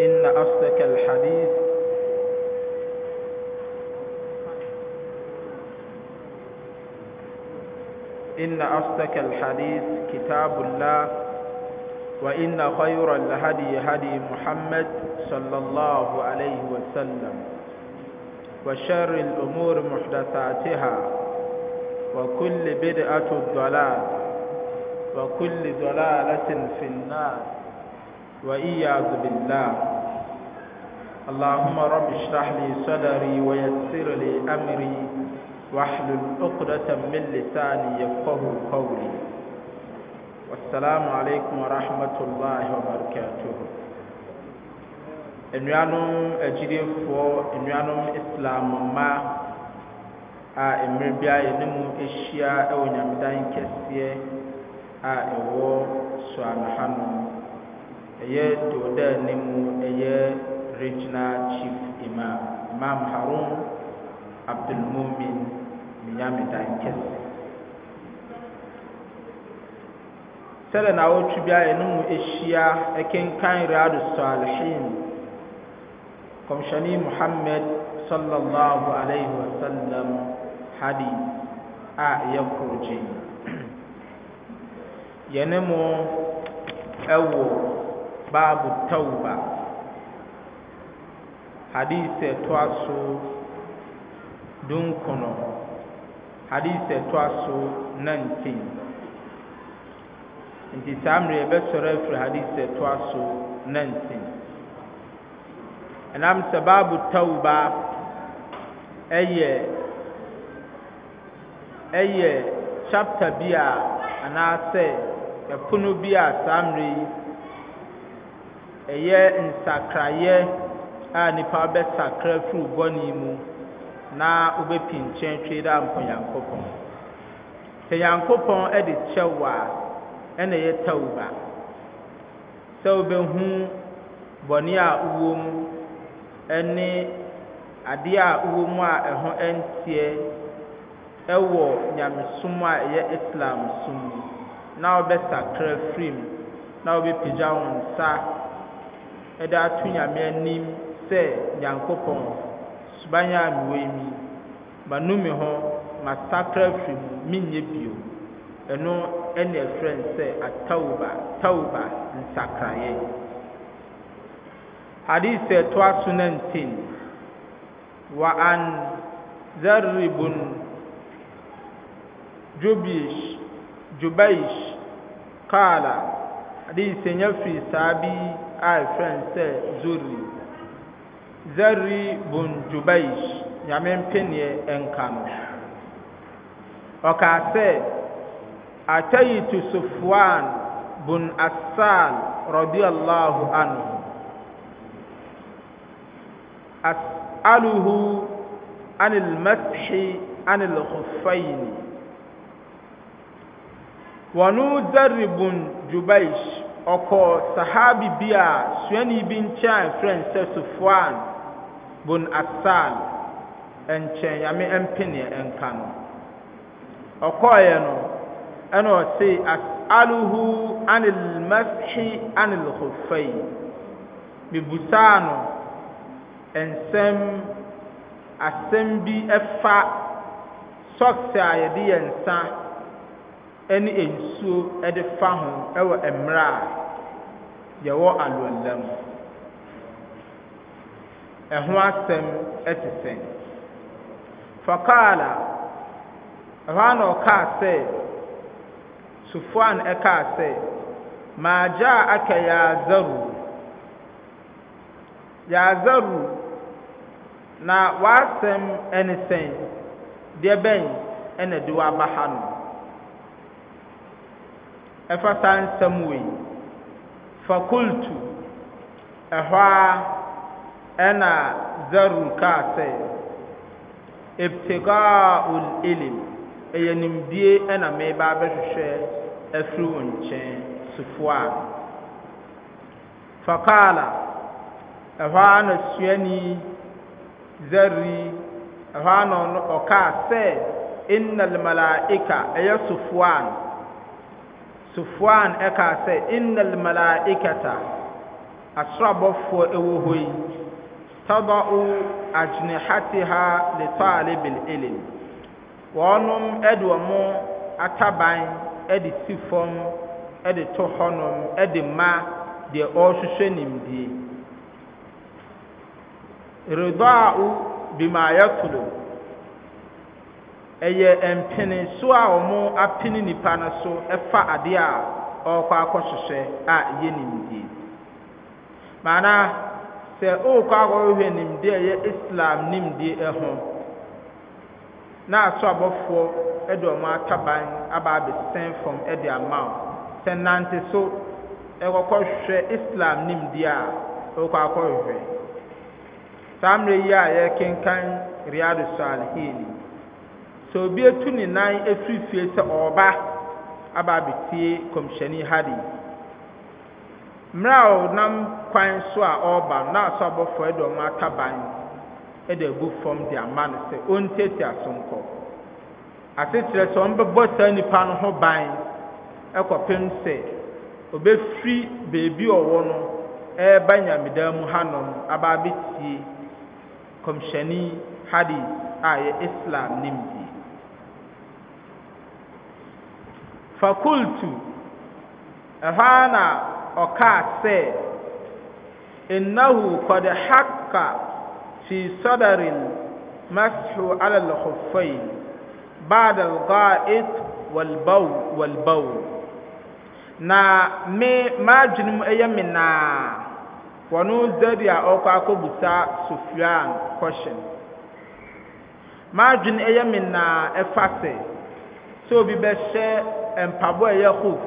إن أصدق الحديث إن أصدق الحديث كتاب الله وإن خير الهدي هدي محمد صلى الله عليه وسلم وشر الأمور محدثاتها وكل بدعة ضلال وكل ضلالة في النار وإياذ بالله اللهم رب اشرح لي صدري ويسر لي أمري واحلل عقدة من لساني يفقه قولي والسلام عليكم ورحمة الله وبركاته nnuanom agyidifoɔ nnuanom islam mma a mmerɛ biara yɛne mu ahyia wɔ nyamedan kɛseɛ a ɛwɔ soanahanom ɛyɛ toodaa ne mu ɛyɛ regional chief imam imam harun abdulmumin minyamedan kɛse sɛdeɛ na awotwi bi a yɛne mu ahyia ɛkenkan riyadu salihin kɔmhyɛne muhammad sallallahu alaihi wasallam hadith a ɛyɛ korogye yɛne mu ɛwɔ baabu tauba hadith ɛtɔ so dunkono hadith ɛtɔ so nineteen nti saa mmerɛ yɛbɛsɔrɔ afiri hadith ɛtɔ so nineteen ɛnam sɛ baabu tauba ɛyɛ ɛyɛ chapter bi a anaasɛ ɛpono bi a saa mmerɛ yi. ɛyɛ nsakrayɛ a nipa bɛsakra firi bɔne mu na wobɛpi nkyɛn twe dɛ ampɔ nyankopɔn sɛ nyankopɔn ɛde kyɛ a ɛna ɛyɛ tawba sɛ wobɛhu bɔne a ɔwɔ mu ɛne adeɛ a ɔwɔ mu a ɛho ɛnteɛ ɛwɔ nyamesom a ɛyɛ islam som mu na wobɛsakra firim na wobɛpagya wo nsa ɛde ato nyame anim sɛ nyankopɔn suban a mewɔ mi manome hɔ masakra firi mu menyɛ bio ɛno ɛne ɛfrɛ n sɛ atauba tauba nsakraeɛ hadis ɛto aso no ntin wa an zaribun jubish jubaish kala hadis ɛnya firi saa bi a yɛfrɛ no sɛ zori zari bun jubaish nyame mpeneɛ ɛnka no ɔkaa sɛ atayitu sufwan bun assal radiallahu anhu as'aluhu عن المسح عن الخفين ونو ذر بن جبيش ɔkɔɔ sahabi bi a suani bi nkyɛn a frɛ sɛ sufwan bun asal nkyɛn yame mpeneɛ nka no ɔkɔɔeɛ no ɛna ɔse as'aluhu anil mashi anil khufai mebusaa no nsɛm asɛm bi fa socks a yɛde yɛn nsa ɛne nsuo ɛde fa ho ɛwɔ mmerɛ a yɛwɔ alwala mu ɛho asɛm ɛte sɛn fakaala ɛhɔ a na ɔkaa sɛ sufuan ɛkaa sɛ maa gyaa aka yaazaru yaazaru na w'asɛm ɛne sɛn deɛ bɛn ɛna de w'aba ha no. ɛfa saa nsɛm wei fakultu ɛhɔ a ɛna zarun kaa sɛ ibtigaul ilim ɛyɛ nimdie ɛna meba bɛhwehwɛ afiri wo nkyɛn sufoɔ a fakala ɛhɔ a na suani zari ɛhɔ a na ɔkaa sɛ inna almalaika ɛyɛ sufoɔ a no Sufwan ɛka sɛ innal malaikata asrabɔfoɔ ɛwɔ hɔ yi tabau ajnihatiha li talibil ilm wɔnom ɛde wɔn ataban ɛde si fam ɛde to hɔnom ɛde ma deɛ ɔrehwehwɛ nimdie ridau bima yatulu ɛyɛ mpene so a wɔn apene nipa no so ɛfa adeɛ a ɔrekɔ akɔhwehwɛ a ɛyɛ nimdeɛ maana sɛ ɔrekɔ akɔhwehwɛ nimdeɛ a ɛyɛ islam nimdeɛ ɛho na aso abɔfoɔ ɛde wɔn ataban aba abɛsɛn fam ɛde ama wɔn sɛ nante so ɛkɔkɔhwɛ islam nimdeɛ a ɔrekɔ akɔhwehwɛ saa mmerɛ yi a yɛrekenkan riyadu salihin sɛ obi etu ne nan efiri fie sɛ ɔreba aba abetie kɔmhyɛni hadi mmerɛ a ɔnam kwan so a ɔreba na asɔ abɔfo ɛde ɔmo ataban ɛde egu fam de ama no sɛ ɔntietia so nkɔ asekyerɛ sɛ ɔmbɛbɔ saa nipa no ho ban ɛkɔpem sɛ obefiri beebi ɔwɔ no ɛɛba nyamedan mu hanom aba abetie kɔmhyɛni hadi a yɛ islam nim. fakultu ɛhɔ na ɔkaa sɛ innahu kɔde haka fi sadarin mashu ala lɔkɔfai baada lga'it walbaw walbaw na me maadwene mu ɛyɛ me naa wɔno dadi a ɔkɔ akɔbusa sofian kɔhyɛn maadwene ɛyɛ me naa ɛfa sɛ sɛ obi bɛhyɛ mpaboa ɛyɛ hof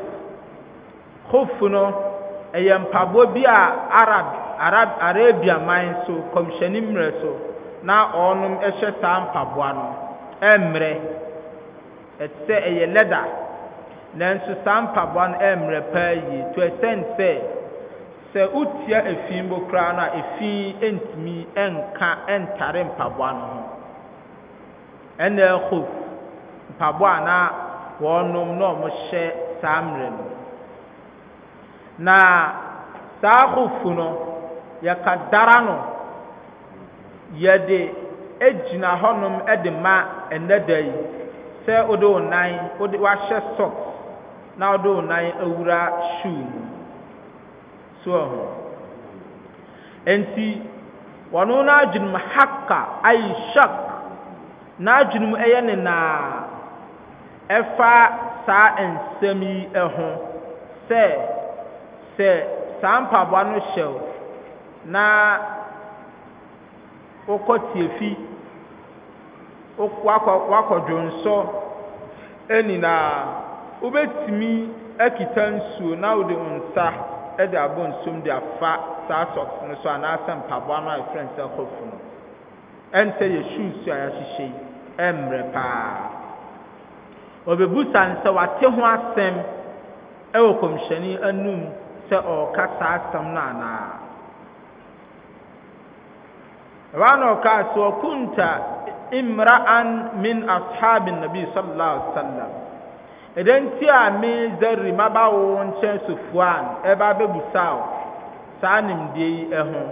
hof no ɛyɛ mpaboa bi a arab arab arabia man so kɔmhyɛni mmerɛ so na ɔnom ɛhyɛ saa mpaboa no ɛmmerɛ ɛte sɛ ɛyɛ lɛda nanso saa mpaboa no ɛmmerɛ paa yie to ɛsɛn sɛ sɛ wotia efi mbo koraa no a efi ntumi nka ntare mpaboa no ho ɛnna ɛhof mpaboa naa. wɔnom na wɔhyɛ saa mmerɛ no na saa ahofo no yɛka dara no yɛde egyina hɔnom ɛde e ma ɛnɛ e da yi sɛ wode wo nan wode wahyɛ socks na wode wo nan awura e shoe mu so ɛho nti wɔno no adwenem haka ayi shak na adwenem ɛyɛ ne ɛfa saa nsɛm yi ho sɛ sɛ saa mpaboa no hyɛw na wokɔ tiefi wakɔ wakɔdwo nsɔ ɛninaa wobɛtumi akita nsuo na wode nsa de abɔ nsuom de afa saa sɔks no so anaasɛ mpaboa no a yɛfrɛ no sɛ hɔfo no ɛnsɛ yɛ shoes a yɛahyehyɛ yi ɛmmerɛ paa ɔbɛbusa nsɛwate ho asɛm ɛwɔ kɔmhyɛni anum sɛ ɔreka saa asɛm no anaa ɛwaa na ɔkaa sɛ ɔkunta imra'an min ashabi nabi sallallahu alaihi wasallam ɛdan ti a me zari mabawo nkyɛn sofuan ɛba bɛbusa o saa nimdeɛ yi ɛho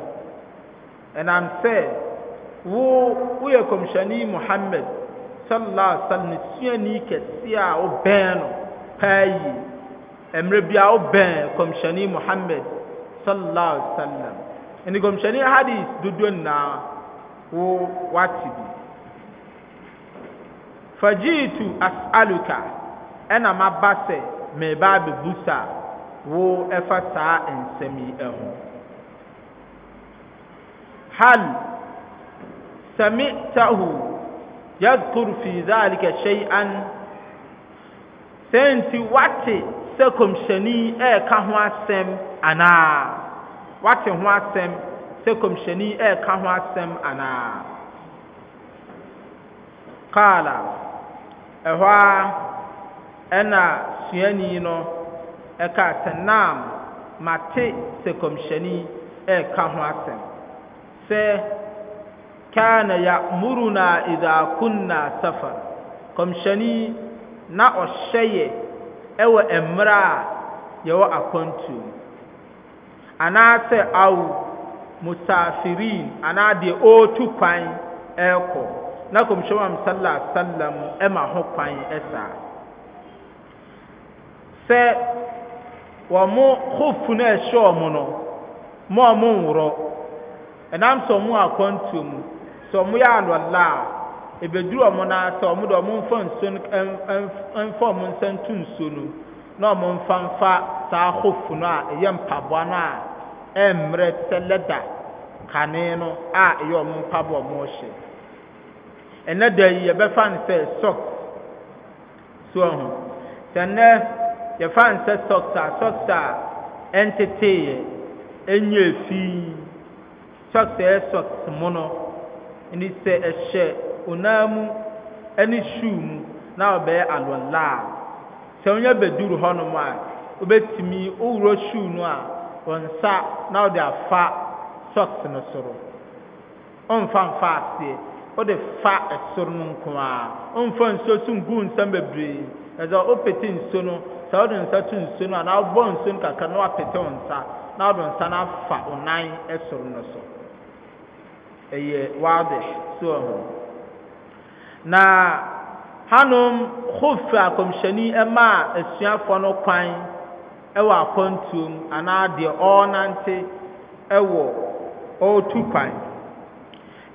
ɛnam sɛ wo woyɛ kɔmhyɛni muhammad sallallahu alaihi wasallam ne suani kɛseɛ a ɔbɛn no paa yi mmerɛ bi a ɔbɛn kɔmhyɛni muhammed sallallahu alaihi wasallam ɛne kɔmhyɛni hadis dodoɔ nyinaa wo wate bi fajiitu as'aluka ɛna maba sɛ meba abɛbusa wo ɛfa saa nsɛm yi ɛho hal sami'tahu yadhkur fi dhalika shay'an sɛ nti wate sɛ kɔmhyɛni ɛɛka ho asem ana. wate ho asem sɛ kɔmhyɛni ɛɛka ho asɛm anaa kaala ɛhɔ a ɛna suani no ɛka sɛ naam mate sɛ kɔmhyɛni ɛɛka ho asem. sɛ kana ya'muruna idha kunna safar kɔmhyɛni na ɔhyɛ yɛ ɛwɔ mmerɛ a yɛwɔ akwantuo mu anaasɛ awo musafirin anaa deɛ ɔretu kwan ɛrekɔ na kɔmhyɛni am sallah sallam ɛma ho kwan ɛsaa sɛ wɔn hofu no a ɛhyɛ wɔn no mo a mo nworɔ ɛnam sɛ wɔn akwantuo mu sɛ ɔmo yɛ alɔla a ebeduru ɔmo na sɛ ɔmo de ɔmo nfa nsuo no nfa ɔmo nsa ntu nsuo no na ɔmo nfa nfa saa ahofu no a ɛyɛ mpaboa no a ɛmmerɛ sɛ lɛda kane no a ɛyɛ ɔmo mpaboa ɔmo hyɛ ɛnɛ da yi yɛbɛfa no sɛ socks so ɛho sɛ nnɛ yɛfa no sɛ socks a socks a ɛntetee yɛ ɛnyɛ fi socks a ɛyɛ socks ne sɛ ɛhyɛ onam mu ne shoe mu na ɔbɛyɛ alɔla a sɛ onye bɛduru hɔnom a obetumi owurɔ shoe no a ɔnsa na ɔde afa socks no soro ɔnfa nfa aseɛ ɔde fa ɛsoro no nko ɔnfa nsuo so ngu nsɛm bebree ɛdɛ ɔpete nsuo no sɛ ɔde nsa to nsuo no a na ɔbɔ nsuo no kakra na wapete nsa na ɔde nsa no afa ɔnan ɛsoro no so. ɛyɛ waade soɔ ɛho. na hanom hof akɔmhyɛni ɛmaa asuafoɔ no kwan ɛwɔ mu anaa deɛ ɔrenante ɛwɔ ɔretu kwan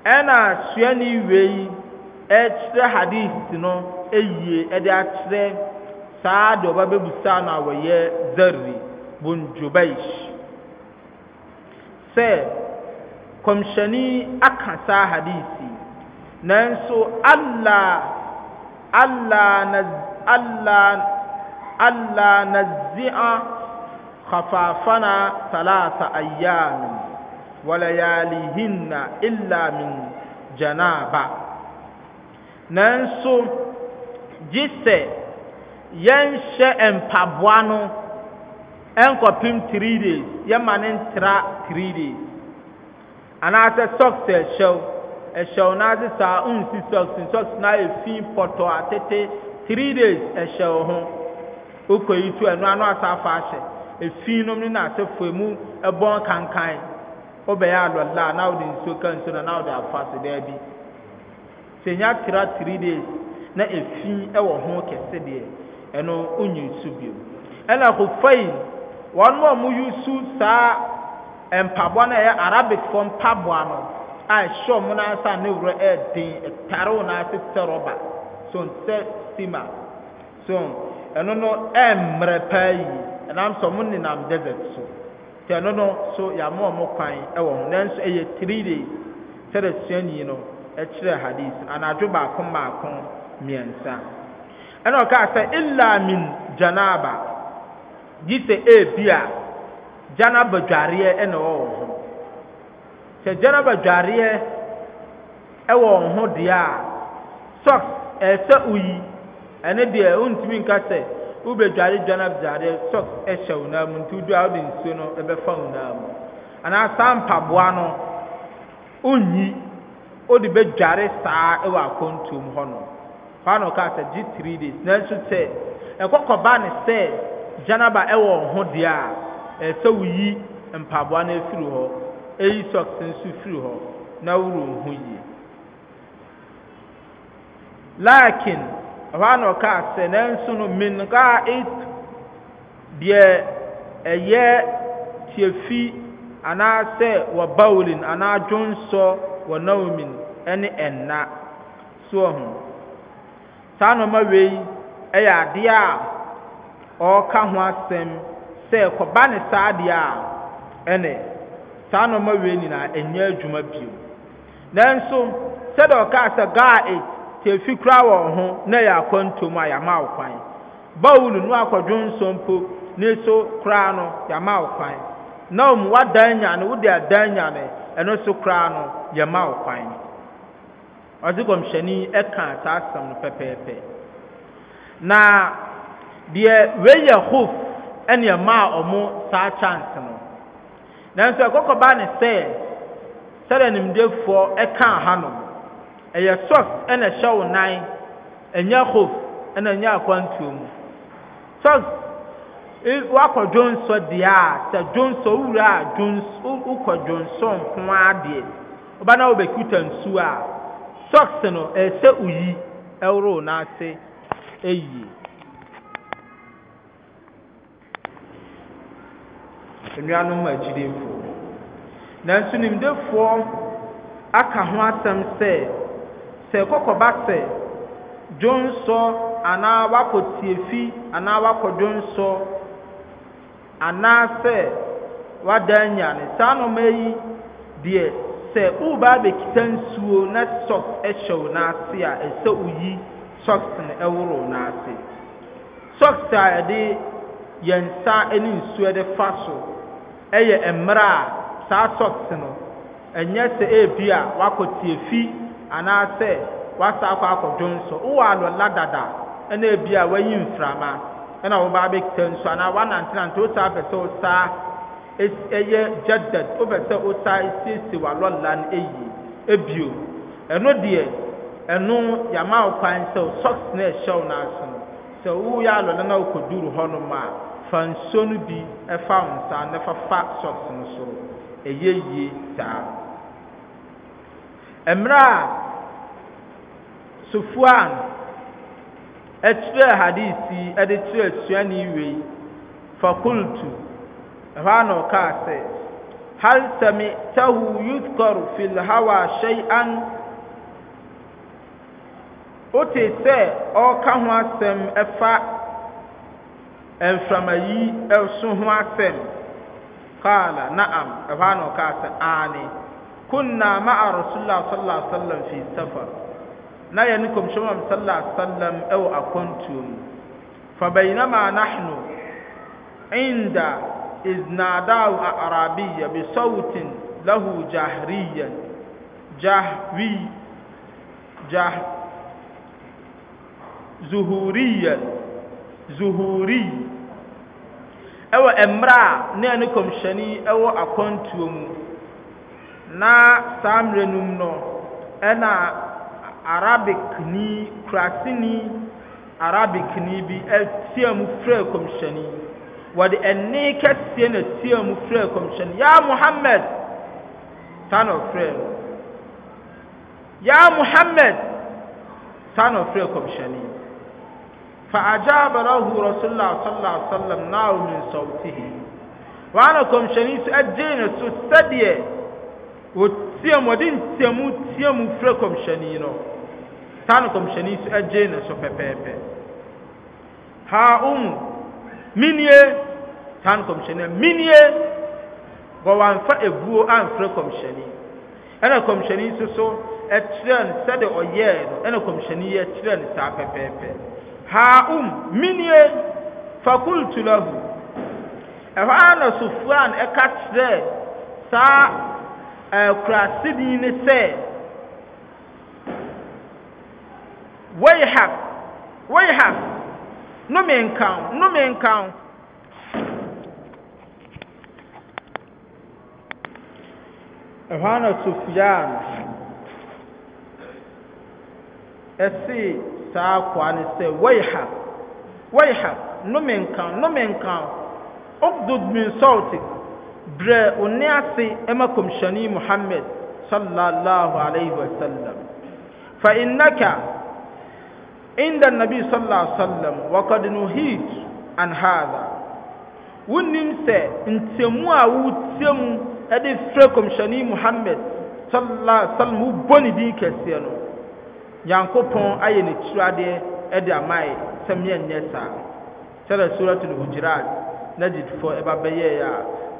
ɛna suani wei ɛkyerɛ hadith no ɛyie ɛde akyerɛ saa deɛ ɔbɛbɛbusa no a wɔyɛ zari bun jubaish sɛ kɔmhyɛni aka saa hadisi nanso allah allah na allah allah nazi'a khafafana talata ayyamin walayalihinna illa min janaba nanso gye sɛ yɛnhyɛ mpaboa no nkɔpem three days yɛma ne ntra three days anaasɛ socks ɛhyɛw ɛhyɛw n'adze saa nsi socks socks n'ayɛ fi pɔtɔ atete three days ɛhyɛw ho okɔ yi tu ɛno ano asa afa ahyɛ efi nom ne n'asɛ fo mu ɛbɔn kankan ɔbɛyɛ alɔla na ɔde nsuo ka nsuo na na ɔde afa so dɛɛbi sɛ nya tra three days na efi ɛwɔ ho kɛse deɛ ɛno onye nsu bio ɛna kofain wɔn a wɔn yi su saa. mpaboa no a ɛyɛ arabicfoɔ mpaboa no a ɛhyɛ ɔmo n'asa ne wura ɛɛden ɛtare wɔn n'ase sɛ rɔba so nsɛ sima so ɛno no ɛmmerɛ paa yi ɛnam sɛ ɔmo nenam desert so te ɛno no so yɛama ɔmo kwan ɛwɔ ho nanso ɛyɛ three days sɛdeɛ suani no ɛkyerɛ hadis anadwo baako baako mmiɛnsa ɛna ɔkaa sɛ illa min janaba gyi sɛ ebia. a. gyana dwareɛ na ɛwɔ wɔn ho sɛ gyanaba dwareɛ ɛwɔ wɔn ho deɛ a socks ɛsɛ oyi ɛne deɛ ontumi nka sɛ wobɛdware gyanaba dwareɛ socks ɛhyɛ wɔn nan mu nti wodwa wɔde nsuo no ɛbɛfa wɔn nan mu anaa saa mpaboa no ɔnyi ɔde bɛdware saa ɛwɔ akɔntuom hɔ no hɔ na ɔka sɛ gye three days nanso sɛ ɛkɔkɔba ne sɛ gyanaba ɛwɔ wɔn ho deɛ a. ɛsɛ eh, woyi mpaboa no afiri hɔ eyi socks nso firi hɔ na woro ho yie lakin ɛhɔ ana ɔka sɛ nanso no min it deɛ ɛyɛ tiafi anaasɛ wɔ bawlin anaa dwonsɔ wɔ naumin ɛne ɛnna soɔ ho saa nɔɔma wei ɛyɛ adeɛ a ɔreka ho asɛm sɛ kɔba ne saa deɛ a ɛnɛ saa nneɛma wei nyinaa ɛnyɛ adwuma bio nanso sɛdeɛ ɔkaa sɛ gaa e efi kura wɔn ho na yɛ akɔntom a yɛama wo kwan bawulu no akɔdwo nsɔmpo ne so koraa no yɛama wo kwan na ɔmo wadan nyane wode adan nyane ɛno so koraa no yɛma wo kwan ɔdze kɔmhyɛni ɛka saa asɛm no pɛpɛɛpɛ na deɛ wei yɛ hof ɛne ɛmaa ɔmo saa chance no nanso ɛkɔkɔba ne sɛ sɛdeɛ nimdefoɔ ɛkaa hanom ɛyɛ socks ɛna ɛhyɛ wo nan ɛnyɛ hof ɛna ɛnyɛ akwantuo mu socks wakɔ dwonso deɛ a sɛ dwonso wura a dwonso wokɔ dwonso nko ara deɛ ɔba na wɔbɛkuta nsuo a sɔks no ɛsɛ oyi ɛworo n'ase ɛyie. nnuanom agyidifoɔ nanso nimdefoɔ aka ho asɛm sɛ sɛ kɔkɔba sɛ dwonsɔ anaa wakɔ tiefi anaa wakɔ dwonsɔ anaa sɛ wada anyane saa nnɔma yi deɛ sɛ woba abɛkita nsuo na sɔks ɛhyɛ wo n'ase a ɛsɛ oyi sɔks no ɛworo wo n'ase sɔks a yɛde yɛn nsa ne nsuo de fa so yɛ mmerɛ a saa socks no ɛnyɛ sɛ ebi a wakɔ tie fi anaasɛ wasa akɔ akɔdwo nso wowɔ alɔla dada ɛna ebi a wayi mframa ɛna wɔba abɛkita nso anaa wanantenante wo saa pɛ sɛ wo ɛyɛ gyadad wopɛ sɛ wo saa esiesie walɔla no eyi ebio ɛno deɛ ɛno yama kwan sɛ socks na ɛhyɛ wo n'aso no sɛ woyɛ alɔla na hɔ nom a fa nsuo no bi fa wo nsa na fafa socks no so ɛyɛ yie saa mmerɛ a sofuan ɛkyerɛ hadisi ɛde kyerɛ suani wei fakultu ɛhɔ a ɔkaa sɛ hal samitahu yudhkar fi lhawa shay'an wote sɛ ɔreka ho asɛm fa mframayi ɛso ho asɛm kaala na'am ɛhɔ ano kaa sɛ aane kunna ma'a rasulillah sallallahu alaihi wasallam fi safar na yɛ ne kɔmhyɛm sallallahu alaihi wasallam ɛwɔ akɔntuo mu fa bainama nahnu inda iznadahu a'rabiyya bi sawtin lahu jahriyan jahwi jah zuhuriyan zuhuri ɛwɔ mmerɛ a ne ne kɔmhyɛni ɛwɔ akɔntuo mu na saa mmerɛ no mu no ɛna arabicni kurasini arabicni bi ɛtia mu frɛ kɔmhyɛni wɔde ɛne kɛseɛ na tia mu frɛ kɔmhyɛni ya muhammad saa na ɔfrɛ no ya muhammad saa na ɔfrɛ kɔmhyɛni فأجاب له رسول الله صلى الله عليه وسلم نار من صوته وأنا شنيس أجينا سستدي وتيم ودين تيم تيم فركم شنينو تانو شنيس أجينا سوبيبيبي ها أم مني تانو كم مني wɔwamfa ebuo أن kɔmhyɛni ɛna kɔmhyɛni nso so ɛkyerɛ no sɛde ɔyɛɛ no ɛna kɔmhyɛni yɛ kyerɛ no haum minie fakultu lahu ɛhɔ ara na sofuan ɛka kyerɛ saa ɛkurasini ne sɛ wɔyihak wɔyihak nnome nkan nnome nkan ɛhɔ ara na sofuan ɛsi. saa akoa no sɛ waiha waiha nnome nkan nnome nkan ukdud min sawti brɛ wo nne ase ma kɔmhyɛne muhammad sallallahu alaihi wasallam fa innaka inda nabi sallallahu alaihi wasallam wakad nuhit an hadha wonnim sɛ ntɛmu a wotiam de frɛ kɔmhyɛne muhammad sallallahu alaihi wasallam wobɔ ne din kɛseɛ no nyankopɔn ayɛ ne tiradeɛ ɛde ama yɛ sɛ meɛnyɛ saa sɛdeɛ surat al-hujurat nagyidfoɔ ɛba bɛyɛɛ a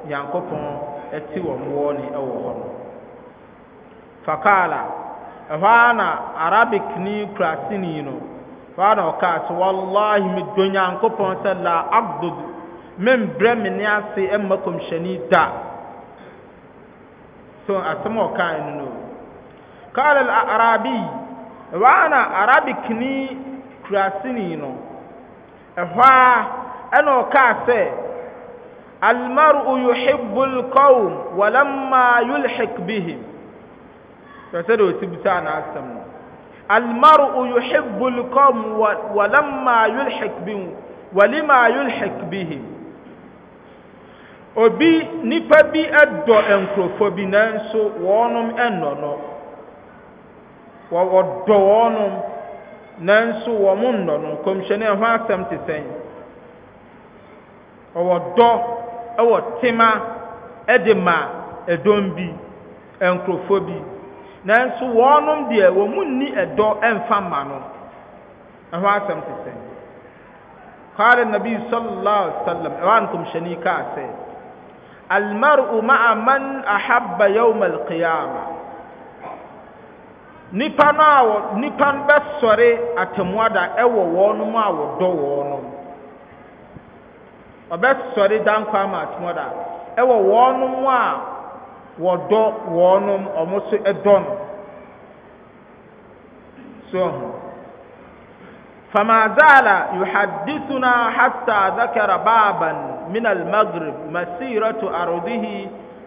nyankopɔn ɛte wɔn wɔ ne ɛwɔ hɔ no fakaala ɛhɔ ara na arabic ni kurasini no ɛhɔ ara na ɔkaa sɛ wallahi medɔ nyankopɔn sɛ la abdud membrɛ me ne ase ɛmma kɔmhyɛni da so asɛm a ɔkaa no no kaala al-arabi ɛwɔ a na arabicni kurasini no ɛhɔ a ɛna ɔkaa sɛ almaru yuhibbu alqawm walamma yulhik bihim kyerɛ sɛ deɛ ɔsi bisaa n'asɛm no almaru yuhibbu alqawm walamma yulhik bihim walima yulhik bihim obi nipa bi ɛdɔ nkurɔfoɔ bi nanso wɔnom ɛnnɔ no wɔdɔ wɔnom nanso wɔn mo nnɔ no kɔmhyɛne ɛho asɛm te sɛn ɔwɔ dɔ ɛwɔ tema ɛde ma ɛdɔm bi nkurɔfoɔ bi nanso wɔnom deɛ wɔn mo nni ɛdɔ ɛnfa ma no ɛho asɛm te sɛn kɔɔre nabi sallallahu alaihi wa sallam ɛwɔ nkɔmhyɛne kaa sɛ almaru ma'a man ahabba yawma alqiyama nipa no a wɔ nipa no bɛsɔre atemuada ɛwɔ wɔn mu a wɔdɔ wɔn no ɔbɛsɔre dankwa ama atemuada ɛwɔ wɔn mu a wɔdɔ wɔn no ɔmo so ɛdɔ no so فما زال يحدثنا حتى ذكر بابا من المغرب مسيرة أرضه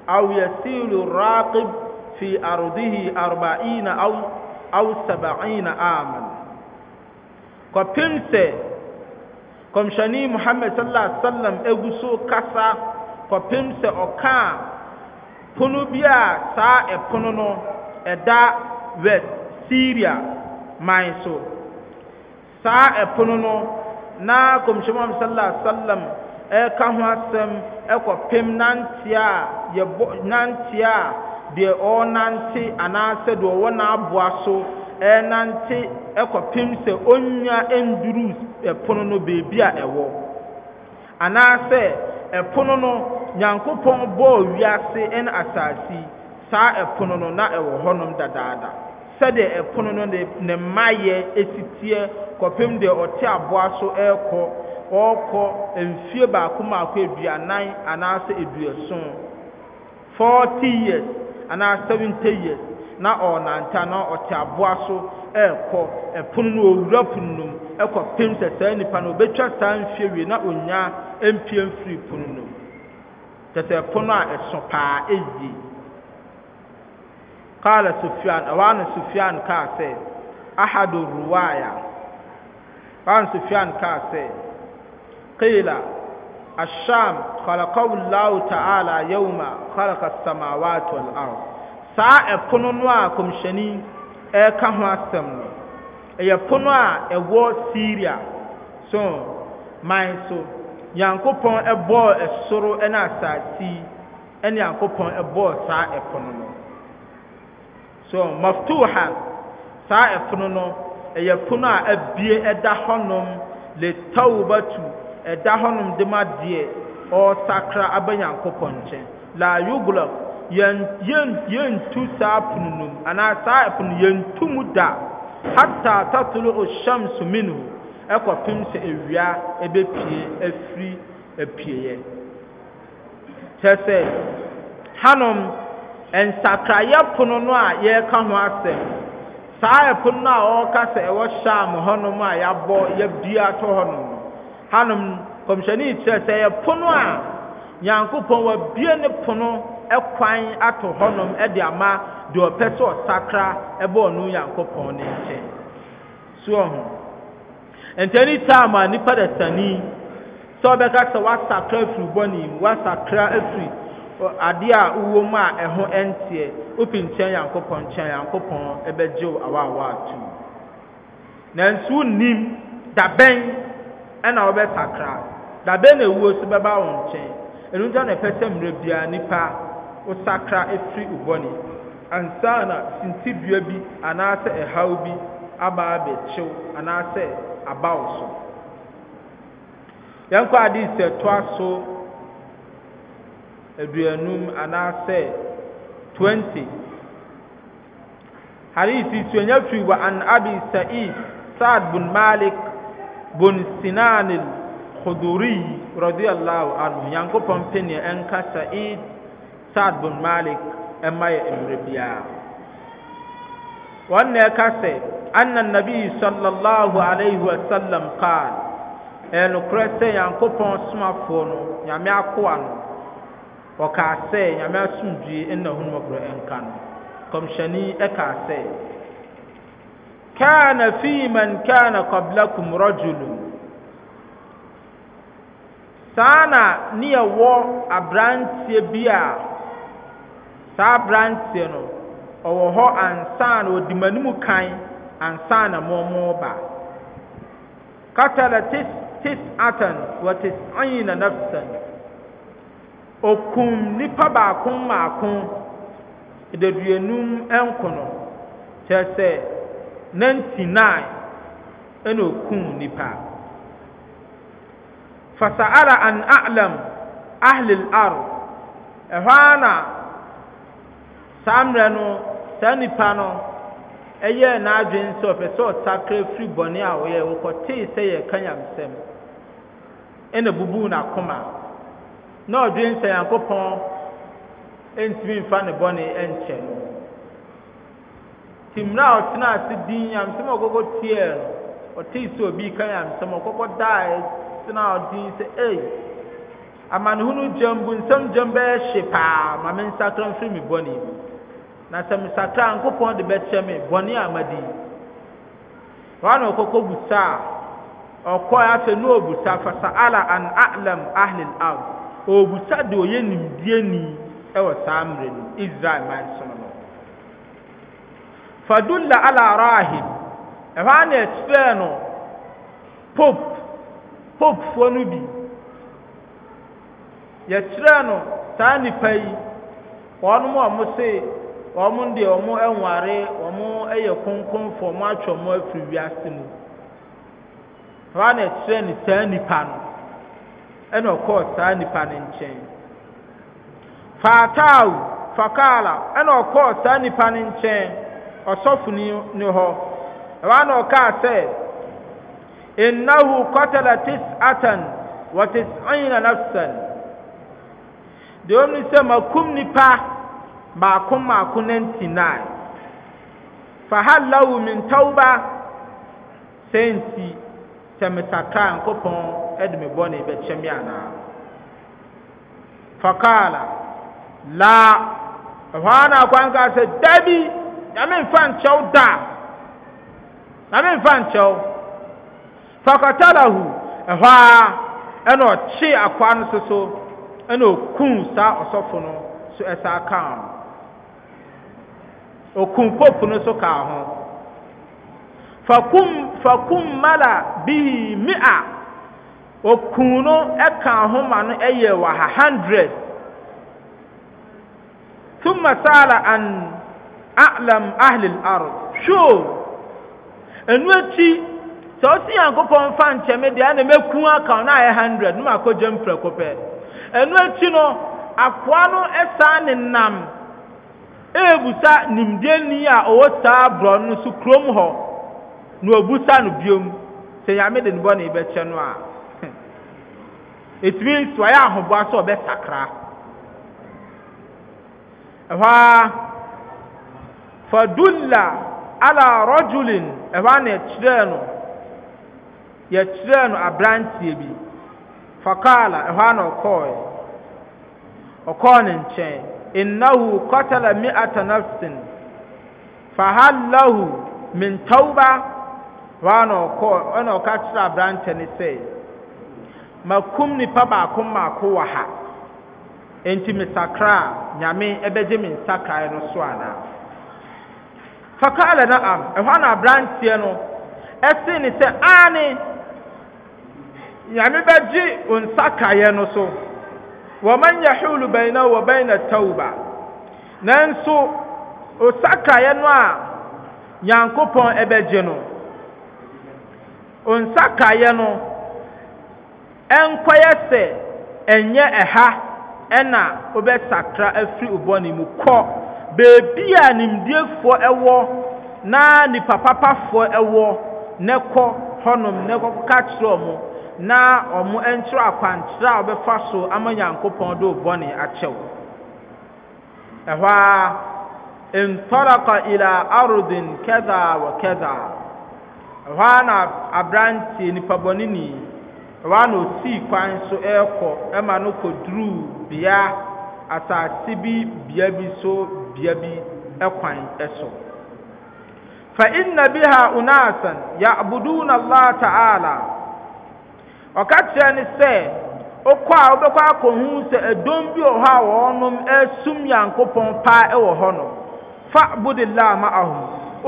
أو يسير الراقب fi ardihi arba'ina aw aw saba'ina aman kɔpem sɛ kɔmhyɛni muhammed sallallahu alaihi wa sallam egu so kasa kɔpem sɛ ɔkaa pono bi a saa ɛpono e no e ɛda west syria man so saa ɛpono e no na kɔmhyɛni muhammed sallallahu alaihi wa sallam ɛka ho asɛm ɛkɔpem nantea a yɛbɔ nantea a. deɛ ɔrenante anaasɛ deɛ ɔwɔ n'aboa so ɛrenante ɛkɔpem sɛ onnya nduru ɛpono no beebi a ɛwɔ anaasɛ ɛpono no nyankopɔn bɔɔ wiase ɛne asaase saa ɛpono no na ɛwɔ hɔnom dadaada sɛdeɛ ɛpono no ne ne mmayɛ esiteɛ kɔpem deɛ ɔte aboa so ɛrekɔ ɔrekɔ mfie baako mako eduanan anaasɛ eduason forty years. anaa seventy years na ɔrenante na ɔte aboa so ɛrekɔ ɛpono no owura pono no mu ɛkɔ pem sɛ saa nipa no obetwa saa mfie wie na onya mpie mfiri pono no mu tɛtɛ pono a ɛso paa ɛyie kaala sofian ɛwaa no sofian kaa sɛ ahado ruwaya ɛwaa no sofian kaa sɛ keela. asham khalaqahu llahu ta'ala yawma khalaqa as-samawati wal ard saa ɛpono no a kɔmhyɛni ɛreka ho asɛm no ɛyɛ pono a ɛwɔ syria so man so nyankopɔn ɛbɔɔ ɛsoro ɛne asase ɛne nyankopɔn ɛbɔɔ saa ɛpono no so maftuha saa ɛpono no ɛyɛ pono a abie ɛda hɔnom le tawbatu ɛda hɔnom de ma deɛ ɔsakra aba nyankopɔn nkyɛn la yugulɔ yɛn yɛn yɛntu saa pono no mu anaa saa pono yɛntu mu da hata tatolo ohyɛm so minu ɛkɔpem sɛ ewia ɛbɛpie afiri apueɛ kyɛ sɛ hanom nsakrayɛ pono no a yɛreka ho asɛm saa ɛpono no a ɔreka sɛ ɛwɔ hyɛ hɔnom a yɛabɔ yɛadua to hɔnom hanom kɔmhyɛni kyerɛ sɛ ɛyɛ pono a nyankopɔn wabue ne pono ɛkwan e ato hɔnom ɛde ama deɛ ɔpɛ sɛ ɔsakra ɛbɔ e ɔno nyankopɔn ne nkyɛn soɔ e ho ntɛni taam a nipa da sani sɛ ɔbɛka sɛ wasakra afiri bɔne wasakra afiri adeɛ a wowɔ mu a ɛho ɛnteɛ wopi nkyɛn nyankopɔn nkyɛn nyankopɔn ɛbɛgyew awaawa ato nanso nim dabɛn ɛna sakra dabe na ewuo so bɛba wɔn nkyɛn ɛnu na ɛpɛ sɛ mmerɛ biara nipa osakra efiri ubɔne ansa na sintidua bi anaasɛ ɛhaw bi aba abɛkyew anaasɛ aba wo so yɛnkɔ ade sɛ ɛtoa so aduanum anaasɛ twenty hadisi so ɛnya firi wa an abi sa'id saad bin malik bun sinan khuduri radiyallahu anhu yankopɔn pɛ neɛ ɛnka sa'id saad bun malik ɛma yɛ mmerɛ biara wɔn na ɛka sɛ anna nabi sallallahu alaihi wa sallam qaal ɛyɛ nokorɛ sɛ yankopɔn no nyame akoa no wɔkaa sɛ nyame asomdue ɛna hunumaborɔ ɛnka no kɔmhyɛni ɛkaa كان في من كان قبلكم رجل سانا نيا و ابرانتيه بيا saa aberanteɛ no ɔwɔ hɔ ansan na ɔdi mu anim kan ansan na mɔmɔ ba katala tis tis atan wɔ tis anyi na nafsan okum nipa baako mmaako edaduonum nkono kyerɛ sɛ 99 ɛna okun nipa ara an a'lam ahlil aro ɛhɔ na saa mmerɛ no saa nipa no ɛyɛ n'adwene sɛ ɔpɛ sɛ ɔtakra firi bɔne a ɔyɛ wɔkɔtee sɛ yɛ kanyamsɛm ɛna n'akoma na ɔdwene sɛ ntumi mfa ne bɔne ɛnkyɛ nti mmerɛ a ɔtena ase din nyamesɛm a ɔkɔkɔ tiɛ no ɔtee sɛ obi ka nyamesɛm ɔkɔkɔ daa ɛtena ɔdin sɛ ei amanehunu gyam bu nsɛm gyam bɛyɛ hye paa ma me nsakra mfiri me bɔne bi na sɛ mesakra a nkopɔn de bɛkyɛ me bɔne a madi ana ɔkɔkɔ busa a ɔkɔ afei ne ɔbusa fasa ala an alam ahlil ab ɔbusa de ɔyɛ nimdeɛ ɛwɔ saa mmerɛ no israel man so no fadulla ala rahib ɛhɔ na ɛkyerɛɛ no pope popefoɔ no bi yɛkyerɛɛ no saa nnipa yi wɔnom a wɔn se wɔn deɛ wɔn nware wɔn yɛ konkonfoɔ wɔn atwa wɔn afiri wiase mu ɛhɔ na ɛkyerɛɛ no saa nnipa no ɛna ɔkɔɔ saa nnipa no nkyɛn faataawu fakaala ɛna ɔkɔɔ saa nnipa no nkyɛn. ɔsɔfo ni hɔ ɛwɔ na ɔkaa sɛ innahu kɔtala tis'atan wa tis'ina nafsan deɛ wɔn sɛ makum nipa baako baako ninety nine fahalahu min tauba sɛ nti sɛ mesakra nkopɔn ɛde me bɔne bɛkyɛ me anaa fakala laa ɛhɔ ara na sɛ dabi nyame mfa nkyɛw da nyame mfa nkyɛw fakatalahu ɛhɔ a ɛna ɔkye akoa no so so ɛna okun saa ɔsɔfo no so ɛsa kaa ho okum popu no so kaa ho fakum fakum mala bii mi'a okun no ɛka ho ma no ɛyɛ wɔ ha hundred tumma saala an alam ahlil aro show ɛnu akyi sɛ ɔsi nyankopɔn fa nkyɛnmi deɛ ɛna mɛku akaw na ayɛ hundred num akɔgya mprɛko pɛ ɛnu akyi no akoa no ɛsan ne nam ɛɛbusa e nimdeɛni a ɔwɔ saa aborɔ no so kurom hɔ na ɔbusa no biom sɛ nyame de ne bɔ ne bɛkyɛ no a etumi nso ɔyɛ ahoboa sɛ ɔbɛsakra ɛhɔ ara. fadulla ala rojulin ɛhɔ ana yɛkyerɛɛ no yɛkyerɛɛ no aberanteɛ bi fakala ɛhɔ ana ɔkɔɔɛ ɔkɔɔ ne nkyɛn innahu kɔtala mi'ata nafsin fahallahu min tauba ɛhɔ ana ɔkɔɔ ɛna ɔka kyerɛ aberanteɛ ne sɛ makum nipa baako mmaako wɔ ha enti mesakra a nyame ɛbɛgye me nsakrae no so anaa fakaala na'am ɛhɔ na aberanteɛ no ɛsi ne sɛ aane nyame bɛgye wo nsa kaeɛ no so wɔman yahulu bɛyina wɔ na tauba nanso o nsa kaeɛ no a nyankopɔn ɛbɛgye no o nsa kaeɛ no ɛnkɔyɛ sɛ ɛnyɛ ɛha ɛna wobɛsakra afiri ɔbɔ bɔne mu kɔ beebi a nimdiefoɔ ɛwɔ na nipa papafoɔ ɛwɔ n'ɛkɔ hɔnom n'ɛkɔ ka kyerɛ ɔmo na ɔmo ɛnkyerɛ akwankyerɛ a ɔbɛfa so ama nyankopɔn de ne akyɛw ɛhɔ a ntɔrɔkɔ ila arodin kɛdza wɔ kɛdza ɛhɔ a na aberanteɛ nipa bɔneni ɛhɔ a na osii kwan so ɛkɔ ɛma no kɔduruu bea asase bi bea bi so dua bi kwan so fa inna biha unasan ya ya'buduna allah ta'ala ɔka kyerɛ ne sɛ okɔ a wobɛkɔ akɔhu sɛ ɛdɔm bi wɔ hɔ a wɔnom asum nyankopɔn paa ɛwɔ hɔ no fa fa'budillah ma'ahum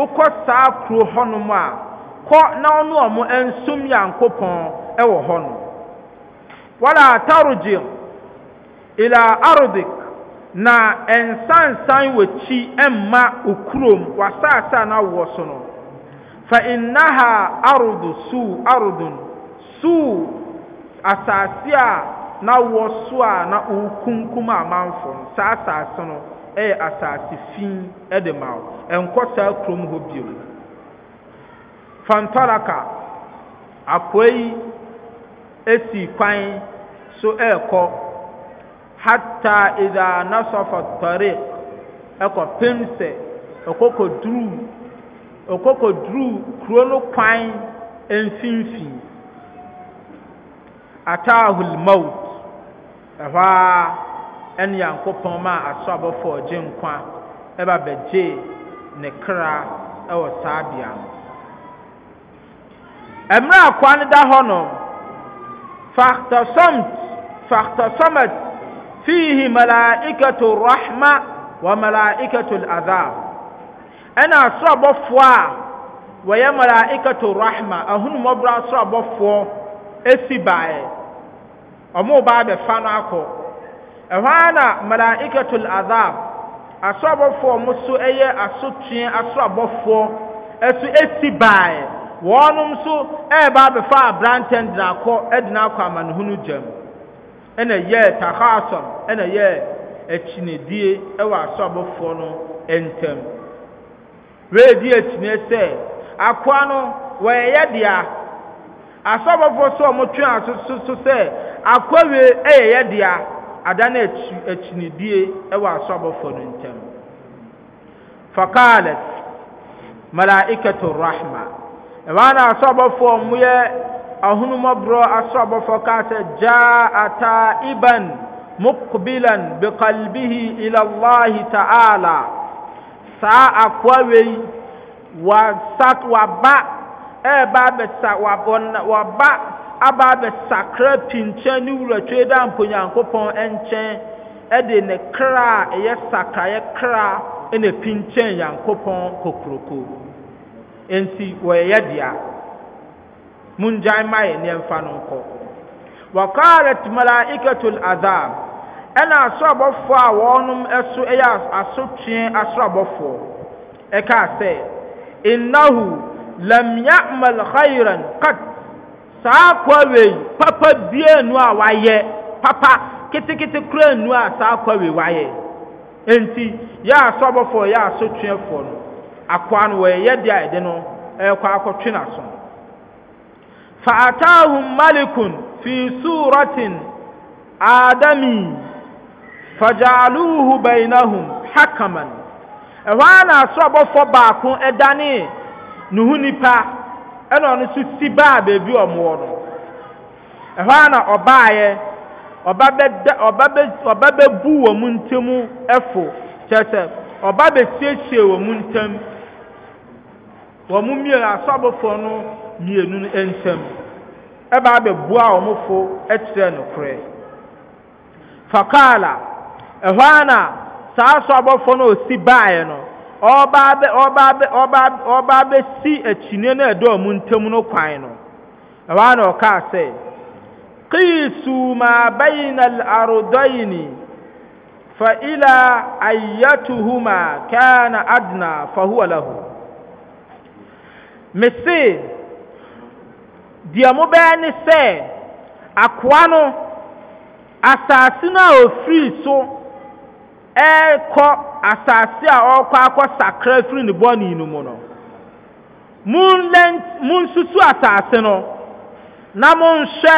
okɔ saa kuro hɔnom a kɔ na ɔno ɔmo nsum nyankopɔn ɛwɔ hɔ no wala atarugye ila arodik na nsansan wɔkyi mma okurom wasaasa na wɔ so no fa innaha arodo suu arodon suu asaase a na wɔ so a na ɔrekunkum amanfo no saa asase no yɛ asaase fi de ma wo ɛnkɔ saa kurom hɔ bio fantaraka akoa yi si kwan so ɛrekɔ hata idha nasafa tariq ɛkɔpem sɛ ɔkɔkɔduruu ɔkɔkɔduruu kuro no kwan mfimfini ataahu lmaut ɛhɔ a ɛne yankopɔn ma aso abɔfo ɔgye nkwa ɛba bɛgyee ne kra ɛwɔ saa bea no ɛmmerɛ akoa no da hɔ no faktasomt faktasomat fihi malaikatu rahma wa malaikatu azab ɛna asorɔbɔfoɔ a wɔyɛ malaikatu rahma ahonumɔborɔ asorɔbɔfoɔ esi baeɛ ɔmo ba abɛfa no akɔ ɛhɔ ara na malaikatu azab asorɔbɔfoɔ mo so ɛyɛ asotwe asorɔbɔfoɔ ɛso esi baeɛ wɔnom so ɛɛba abɛfa aberanteɛ de na akɔ ɛde na akɔ amanehunu gyam. ɛna yɛɛ tahaasɔm ɛna yɛɛ akyinidie ɛwɔ asɔbɔfoɔ no ntam reedi akyinie sɛ akoa no wɔyɛ yɛ dea asɔbɔfoɔ sɛ ɔmo twe sɛ akoa wie ɛyɛ e yɛ dea ada no akyi akyinidie ɛwɔ asɔbɔfoɔ no ntam fakaalat malaikatu rahma ɛwɔ e ana asɔbɔfoɔ mo yɛ ahunumɔborɔ asɔbɔfɔ kaa sɛ gyaa ataa iban mukbilan bikalbihi ila allahi ta'ala saa akoa wei wasat waba ɛɛba e abɛsa wabɔna waba aba abɛsakra pinkyɛn ne wuratwe da mponyankopɔn nkyɛn ɛde ne kra a e ɛyɛ sakraeɛ kra ɛna e pinkyɛn yankopɔn kokoroko nti wɔyɛ yɛdea mungyan ma yɛ nneɛmfa no nkɔ wakalat malaikatul azab ɛna asorɔbɔfoɔ a wɔnom ɛso ɛyɛ asotwee asorɔbɔfoɔ ɛkaa sɛ innahu lam ya'mal khairan qat saa kwawei papa bie nu a wayɛ papa ketekete kura nu a saa kwawei wayɛ enti yɛ asɔbɔfoɔ yɛ asotweefoɔ no akoa no wɔyɛ yɛ deɛ a yɛde no ɛrekɔ akɔtwe n'aso no فأتاهم ملك في سورة آدمي فجعلوه بينهم حكما ɛhɔ a na asɔbɔfo baako ɛdane ne ho nipa ɛna ɔno nso si baa a na bɛ ɔba wɔn mu ntɛm ɛfo kyerɛ sɛ ɔba bɛsiesie wɔn mu ntɛm wɔn mu mmienu no yienu nsam ɛba abɛbua a wɔmfo kyerɛ nokorɛ fakaala ɛhɔ a na saa so abɔfoɔ no a ọba baeɛ no ɔba na akyinne no ɛdɔ ɔmo ntam no kwan no ɛhɔ a na ɔkaa sɛ قيسوا fa ila الأرضين فإلى na كان أدنى فهو له deɛ mobɛyɛ ne sɛ akoa no asase no a ofiri so ɛrekɔ asase a ɔrekɔ akɔ sakra firi ne bɔne no mu no monsusu asase no na monhwɛ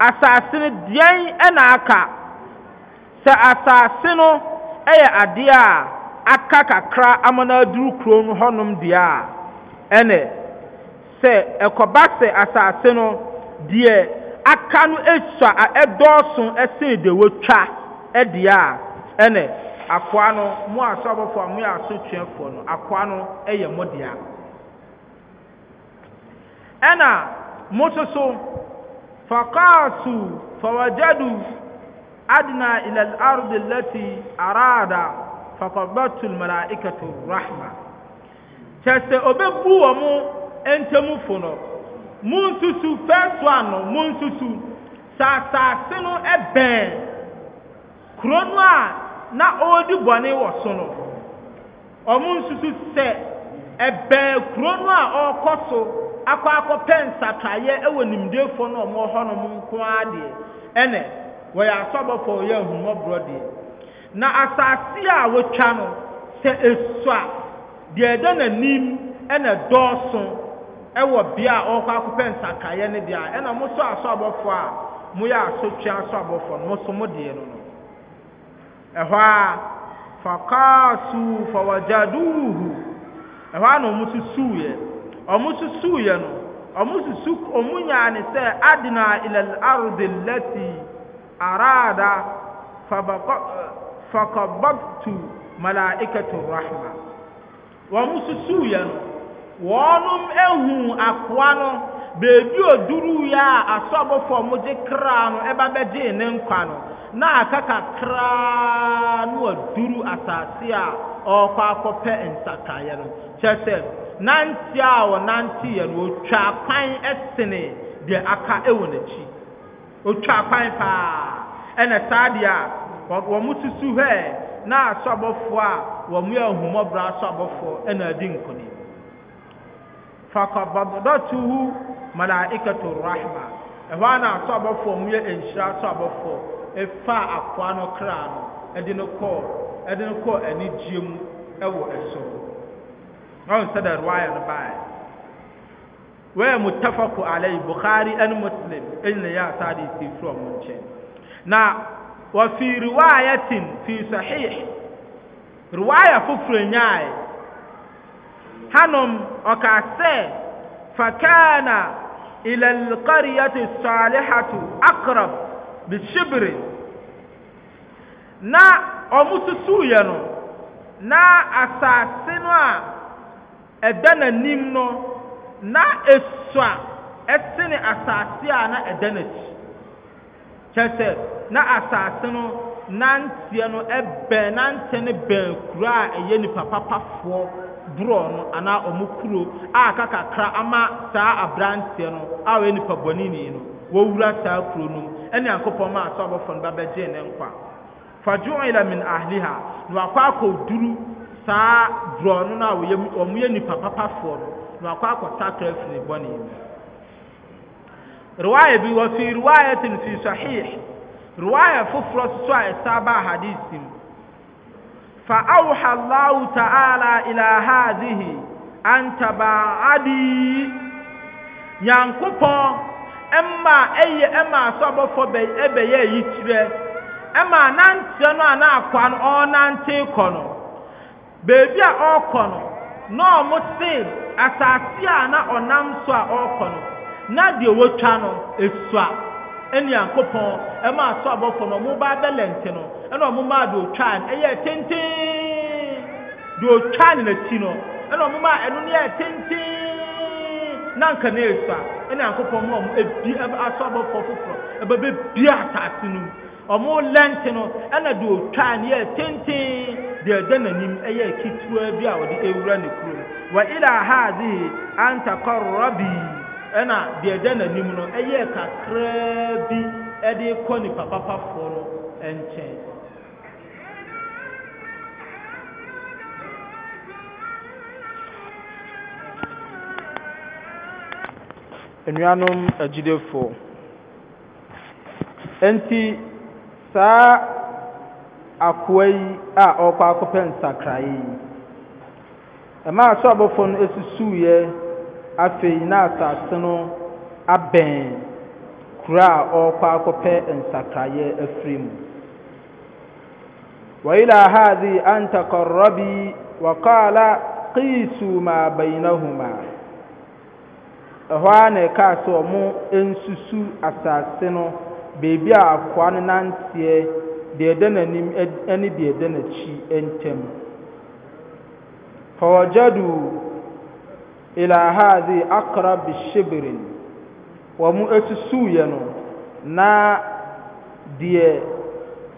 asase no deɛn ɛna aka sɛ asase no ɛyɛ adeɛ a aka kakra ama no aduru kurom hɔnom deɛ a ɛnɛ sɛ ɛkɔba sɛ asase no deɛ aka no esua a ɛdɔɔso ɛsen de wotwa ɛdeɛ a ɛnɛ akoa no mo aso abɔfo a mo yɛ aso no akoa no ɛyɛ mo dea ɛna mo soso fakaasu fawajadu adna ila al-ardi allati arada fakabatu mara malaikatu rahma kyerɛ sɛ obebu wɔn mo. ntɛmufo no mu nsusu fɛɛso ano mu nsusu sa asase no bɛn kuro no a na ɔredi bɔne wɔ so no ɔmo nsusu sɛ ɛbɛn kuro no a ɔrekɔ so akɔ akɔpɛ nsatraeɛ wɔ nimdeefoɔ no a hɔ nom nko ara ɛnɛ wɔyɛ asɔbɔfoɔ ɔyɛ ahumɔborɔ deɛ na asase a wotwa no sɛ esua a deɛ ɛda n'anim ɛna dɔɔso. ɛwɔ bea a ɔrekɔ akɔpɛ nsankaeɛ no bea ɛna mo nso asɔ abɔfoɔ a moyɛ asotwa asɔ abɔfoɔ no mo nso mo deɛ no no ɛhɔ a fakaasu fawagyaduuhu ɛhɔ a na ɔmo susuuɛ ɔmo susuuɛ no ɔmo susu ɔmo nyaa ne sɛ adina ilal ardi lati arada fabakɔ fakabaktu malaikatu rahma wɔn susuuɛ no. wɔnom ehu akoa no beebi oduru ya a asɔbɔfoɔ mo gye kraa no ɛba bɛgye ne nkwa no na aka kraa no aduru asase a ɔrekɔ akɔpɛ nsakraeɛ no kyerɛ sɛ nante a wɔnante yɛ no otwa kwan ɛsene deɛ aka ɛwɔ n'akyi otwa kwan paa ɛna saa deɛ a wɔn hụ hɛ na asɔbɔfoɔ a wɔn yɛ ahumɔbra asɔbɔfoɔ ɛna adi nkunim. fakabadatuhu malaikatu rahma ɛhɔ a na asɔ abɔfoɔ mu yɛ nhyira asɔ abɔfoɔ efa akoa no kra no ɛde no kɔɔ ɛde no kɔɔ anigye mu ɛwɔ ɛsoro ɔn sɛ dɛ ruwaya no baa wɔyɛ mutafaku alayi bukhari ɛne muslim ɛnyina yɛ asaade si firi ɔmo nkyɛn na wɔfi riwaayatin fi sahih riwaya foforɔ nyaayɛ hanom ɔka sɛ fakana ila alqaryati salihatu akrab bishibri na ɔmo susuuyɛ no na asaase no a ɛda n'anim no na esua ɛsene asaase a na ɛda n'akyi kyerɛ sɛ na asaase no nanteɛ no ɛbɛn nanteɛ no bɛn kuro a ɛyɛ nipa papafoɔ borɔ no anaa ɔmo kuro a aka kakra ama saa aberanteɛ no a ɔyɛ nipa bɔnini no wɔwura saa kuro no ɛne akopɔn a asɔ abɔfo no ba bɛgye ne nkwa fadwo ila min ahliha na wakɔ akɔduru saa borɔ no no a wɔyɛ ɔmo yɛ nipa papafoɔ no na wakɔ akɔtakra firi bɔne mu riwaya bi wɔ fi riwaya tin fi sahih riwaya foforɔ soso a ɛsa ba hadisi mu فأوحى الله تعالى إلى هذه أن تباعدي ينكبون ɛma ɛyɛ ɛma asɔbɔfo bɛ ɛbɛyɛ yikyerɛ ɛma ananteɛ no a n'akwa no ɔrenante kɔ no beebi a ɔrekɔ no na ɔmo se asase na so a ɔrekɔ na deɛ wotwa no esua ɛna ɔmo maa do twa no e ɛyɛ tenten do twa no n'akyi no ɛna ɔmo maa ɛno no yɛ tenten na nka na esua ɛna akokɔ mo e e a ɔmo ebi asɔ abɔfo foforɔ ɛbɛbɛ bia ataase no ɔmo lɛnte no ɛna do twa no yɛ tenten deɛ ɛda n'anim ɛyɛ ketewa bi a wɔde ewura ne kurom wɔ ila haadhi antakɔrɔbi ɛna deɛ ɛda n'anim no ɛyɛ kakraa bi ɛde kɔ nipa papafoɔ no nkyɛn nnuannom agyilefọ nti saa akụwa yi a ọ kpakọpẹ nsakraye m maa so abụfọ no asusu yie afee na na ase no abee kuru a ọ kpakọpẹ nsakraye firi mụ. wọnyi la ha adịghị anta kọwara bi wọkọọla ma banyine hụ ɛhɔ a na ɛkaa sɛ ɔmo nsusu asase no beebi a akoa no nanteɛ deɛ ɛda n'anim ɛne deɛ ɛda n'akyi ntam fɔwɔgyadu ilahaadi akra bishibirin wɔmo esusuuɛ no na deɛ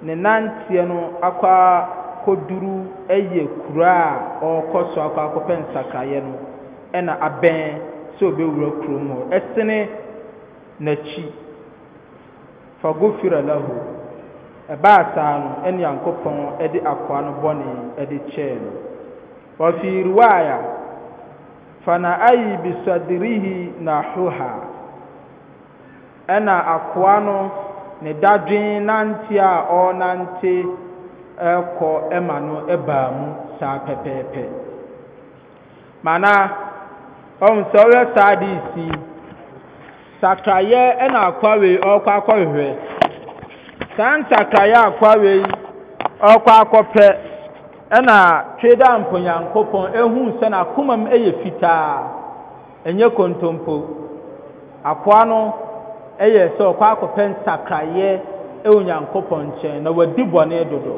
ne nanteɛ no akɔ akɔduru ɛyɛ kura a ɔrekɔ so akɔ akɔpɛ nsakraeɛ no ɛna abɛn. sɛ ɔbɛwura kurom hɔ ɛsene n'akyi fagofira lahu ɛbaa saa no ɛne yankopɔn ɛde akoa no bɔne ɛde kyɛɛ no ɔfi riwaya fana ayi bisadirihi na hoha ɛna akoa no ne dadwen nante a ɔrenante ɛrekɔ ɛma no ɛbaa mu saa pɛpɛɛpɛ mana ɔmo sɛ ɔyɛ saa ade si sakrayɛ ɛna akwawe ɔkɔ akɔhwehwɛ saa nsakrayɛ akwawe ɔkɔ akɔpɛ ɛna tweda mponyankopɔn ehu nsọ na akoma mu ɛyɛ fitaa ɛnyɛ kontompo akoa no ɛyɛ sɛ ɔkɔ akɔpɛ nsakrayɛ ɛwɔ nyankopɔn nkyɛn na wadi bɔne dodo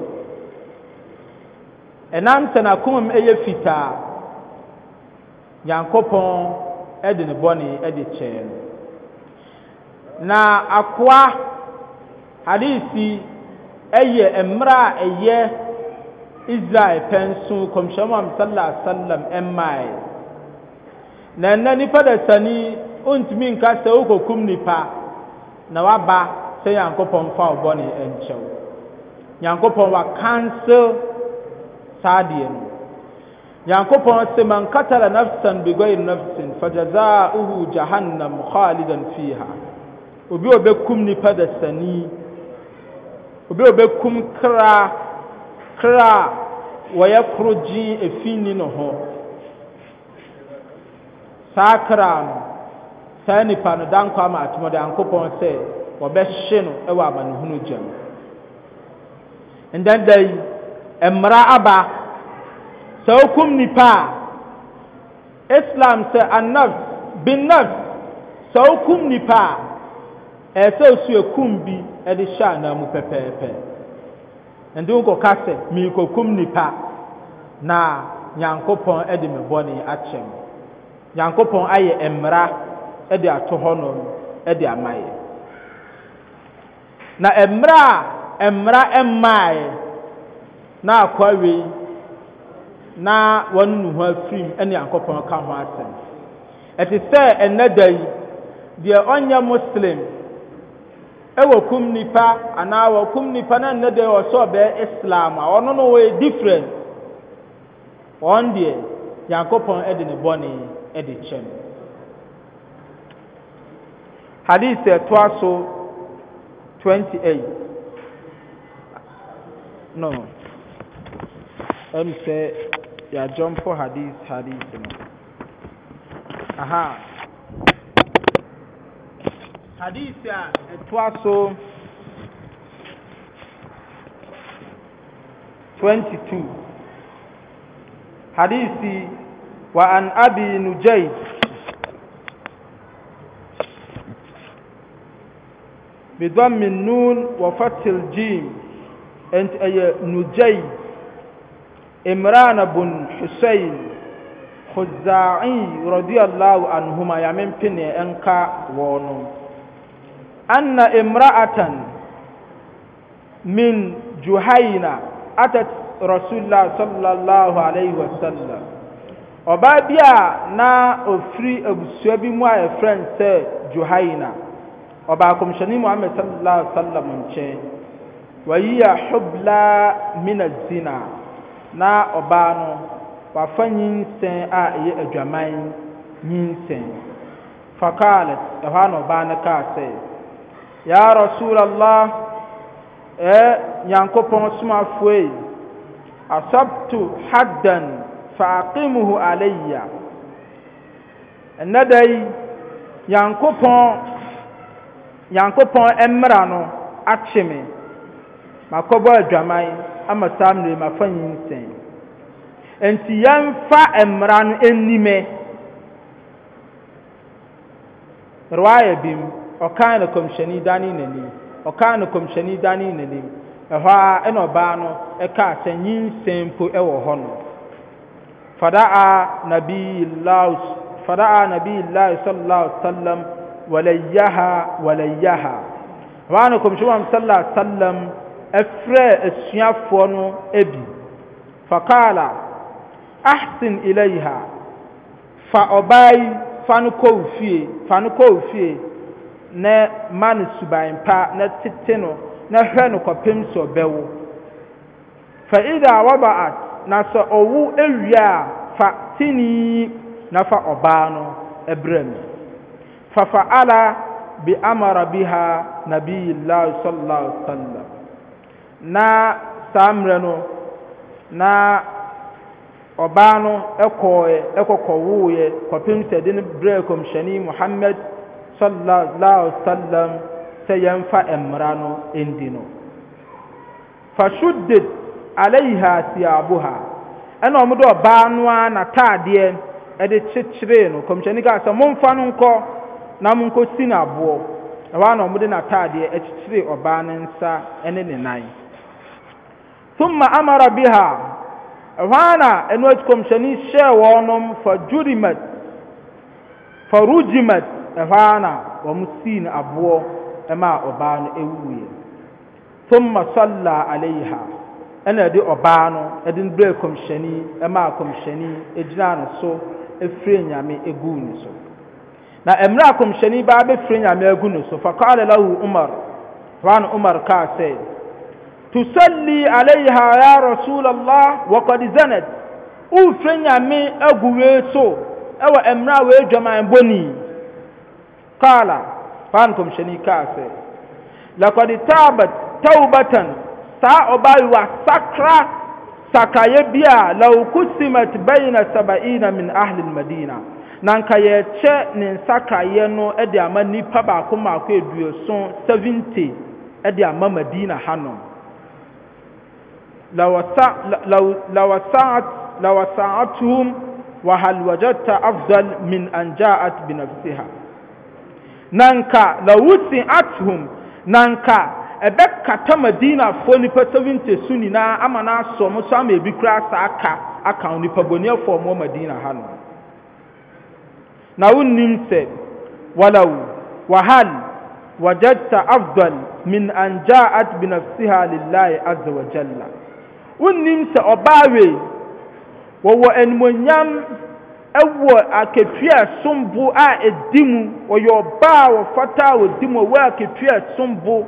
ɛnam sɛ na akoma mu ɛyɛ fitaa. nyankopɔn ɛde ne bɔne ɛde kyɛɛ no na akoa hadisi ɛyɛ mmerɛ a ɛyɛ israel pɛnso kɔmhyɛn mu sallallahu alaihi wasallam ɛmmae na nna nipa da sani ontumi nka sɛ okokum nipa na waba sɛ nyankopɔn fa wo bɔne ɛnkyɛw nyankopɔn wa cancel saa deɛ no nyankopɔn sɛ man katala nafsan bigɔyir nafsin fajazauhu jahannam khalidan fiha obi a ɔbɛkum nipa da sani obi a ɔbɛkum kra kra a wɔyɛ koro gye efinni ne ho saa kra no saa nipa no danko ama atom de nyankopɔn sɛ wɔbɛhye no wɔ amanehunu gyam ndanda yi aba sɛ wokum nnipa a islam sɛ annafs binnafs sɛ wokum nnipa a ɛyɛ sɛ osu akum bi ɛde hyɛ anaa mu pɛpɛɛpɛ ɛnti wokɔka sɛ merekɔkum nnipa na nyankopɔn ɛde me bɔne akyɛ me nyankopɔn ayɛ mmara ɛde ato hɔnom ɛde ama yɛ na mmara a mmara mmaeɛ na akɔ awei na wɔn nu afiri afirim ne nyankopɔn ka ho asɛm ɛte sɛ ɛnɛ da yi deɛ ɔnyɛ muslim kum nipa anaa wɔ kum nipa na ɛnɛ da yi wɔsɔ ɔbɛɛ islam a ɔno no wɔyɛ different wɔn deɛ nyankopɔn de ne bɔne ɛtoa so 28 no Ya yɛadwɔmfo hadis hadis no aha hadis ya etwa so 22 hadisi وعن أبي نجيد بضم النون وفتح jim أنت ay نجيد imran bun husayn khuzai radiyallahu anhuma yamin pene enka wono anna imra'atan min juhaina atat rasulullah sallallahu alaihi wasallam ɔbaa bi a na ofiri abusua bi mu a yɛfrɛ no sɛ juhaina ɔbaakɔmhyɛne muhammad sallallahu alaihi wasallam nkyɛn wayiya hubla min azina na ɔbaa no wafa nyinsɛn a ɛyɛ adwaman nyinsɛn fakalet ɛhɔ a na ɔbaa no kaa sɛ ya rasulallah ɛɛ nyankopɔn somafoe asabtu haddan faaqimuhu alayya ɛnnɛ da yi nyankopɔn nyankopɔn mmara no akye me makɔbɔ adwaman ama saa mmerɛ mu afa nyinsɛn nti yɛmfa mmara no anim riwaya bi mu ɔkan no kɔmhyɛni dane n'anim ɔkan no kɔmhyɛni dane n'anim ɛhɔ a ɛna ɔbaa no ɛkaa sɛ nyinsɛn mpo ɛwɔ hɔ no fadaa nabiyillahi fadaa nabiyillahi sallallahu alaihi wasallam walayaha walayaha ɔbaa no kɔmhyɛni wa sallallahu alaihi wasallam ɛfrɛ asuafoɔ no ebi fakala ahsen ha fa ɔbaa yi fa no kɔwo fie fa no kɔwo fie na ma no suban pa na tete no na hwɛ no kɔpem sɛ ɔbɛwo fa ida wabaat na sɛ ɔwo awie a fa tinii na fa ɔbaa no ɛbrɛ mu fa fa'ala bi amara bi ha biha nabiyillah sallallahu alaihi wasallam na saa mmerɛ no na ɔbaa no ɛkɔɔɛ ɛkɔkɔwooɛ kɔpem sɛ de no brɛɛ kɔmhyɛne muhammad sallallahu sallam sɛ yɛmfa mmara no ɛndi no fashuddid alaiha siaboha ɛna ɔmo de ɔbaa no a n'ataadeɛ ɛde kyekyeree no kɔmhyɛne kaa sɛ momfa no nkɔ na monkɔsi no aboɔ ɛhɔ a na ɔmo de n'ataadeɛ ɛkyekyeree ɔbaa no nsa ɛne ne nan thumma amara biha ɛhɔ na ɛno akyikomhyɛni hyɛɛ wɔnom fa jurimat fa rugimat ɛhɔ na wɔn sii no aboɔ ɛma ɔbaa no ɛwuiɛ thumma salla alayha ɛna ɛde ɔbaa no ɛde no brɛ kɔmhyɛni ɛma kɔmhyɛni ɛgyina no so ɛfiri nyame ɛgu ne so na mmerɛ a kɔmhyɛni baa bɛfiri nyame agu ne so fa kaala lahu umar ɛhɔ umar kaa sɛ tusalli alaiha ya rasulallah wa qad zanat ufre nyame agu wee so ɛwɔ mmerɛ a wee dwaman boni kala fan kɔmhyɛni kaa sɛ lakɔde taabat taubatan saa ɔbaa wa sakra sakayɛ bi a laukusimat baina sabaina min ahli lmadina na nka yɛkyɛ ne nsakrayɛ no de ama nnipa baako maako aduoson 70 de ama madina hanom lawasa'atuhum wa hal أفضل من min an ja'at bi nafsiha nanka lawusi'atuhum nanka ɛbɛkata madinafoɔ nipa 70 so nyinaa ama no asɔ mo so ama ebi kura asa aka aka nipa boniafoɔ mo madina ha no na wonnim sɛ walaw wahal wajadta afdal min an ja'at bi nafsiha lillahi azza wonnim sɛ ɔbaa wei wɔwɔ animonyam ɛwɔ akatua sombo a ɛdi mu wɔyɛ ɔbaa a wɔfata a wɔdi mu ɔwɔ akatua sombo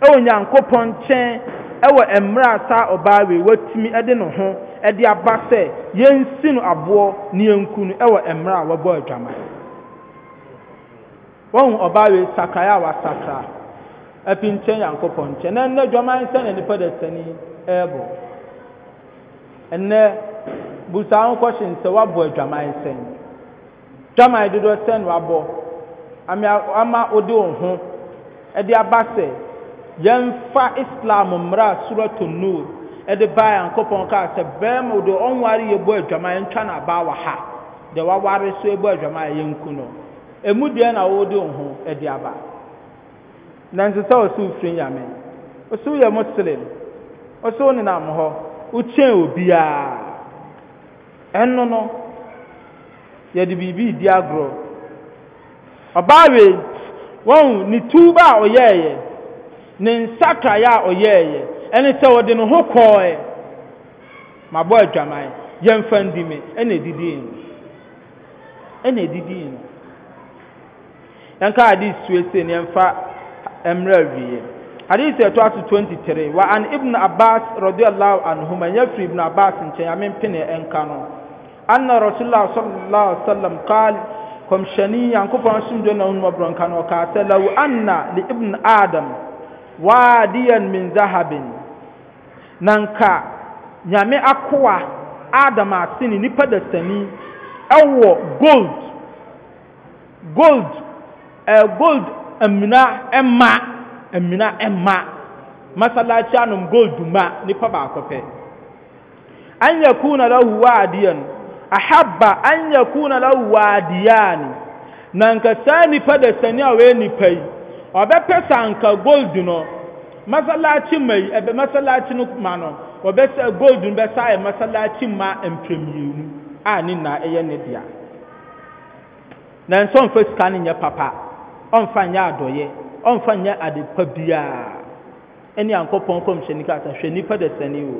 ɛwɔ nyankopɔn nkyɛn ɛwɔ mmerɛ a saa ɔbaa wei watumi ɛde ne ho ɛde aba sɛ yɛnsi no aboɔ ne yɛnku no ɛwɔ mmerɛ a wɔbɔ adwaman wɔhu ɔbaa wei sakaeɛ a wasakra ɛpi nkyɛn nyankopɔn nkyɛn na nnɛ adwaman sɛ na nipa da sani ɛɛbɔ ɛnɛ busaa ho kɔhyɛn sɛ wabɔ adwaman sɛn dwaman dodoɔ sɛn wabɔ ama ama wode wɔn ho ɛde aba sɛ yɛmfa islam mmara surato nur ɛde baa yankɔpɔn kaa sɛ bɛrima deɛ ɔnware yɛbɔ adwaman ntwa na abaa wɔ ha deɛ waware so yɛbɔ adwaman yɛnku no emu deɛ na wɔde wɔn ho ɛde aba Na sɛ wɔsi ofiri nyame wɔsi yɛ muslim. ɔsɛ họ hɔ wokyɛn obiaa ɛno no yɛde biribi di agorɔ ɔbaa wei wɔn ne tuuba a ɔyɛɛyɛ ne nsakraeɛ a ɔyɛɛyɛ ɛne sɛ ɔde ne ho kɔɔɛ e. mabɔ adwaman e yɛmfa ndi me ɛna ɛdidii no ɛna ɛdidii no yɛnka adi sue se ne yɛmfa mmerɛ awieɛ hadith ɛtɔ ato 23 wa an ibn abbas radiyallahu anhuma nyɛ firi ibn abbas nkyɛn amempene ɛnka no anna rasulullah sallallahu alaihi wasallam qal kɔmhyɛni yankopɔn somdwe na ɔnum ɔbrɔnka no ɔkaa sɛ law anna li ibn adam waadiyan min zahabin na nka nyame akoa adam ase ne nipa dasani ɛwɔ gold gold ɛɛ eh, gold amina ɛma amina ɛmma masalachi anum gold ma nipa baako pɛ an yakuna lahu wadiyan ahabba an yakuna lahu wadiyan na nka saa nipa da sani a wɔyɛ nipa yi ɔbɛpɛ sanka gold no masalachi ma yi ɛbɛ masalachi no ma no wɔbɛsɛ gold no bɛsa yɛ masalachi ma mpɛmienu a ne na ɛyɛ ne dea na nso nfa sika no nyɛ papa ɔnfa nyɛ adɔyɛ ɔmfa nyɛ ade pa biara ɛne ankɔpɔn kɔmhyɛni kasa hwɛ nipa da sani o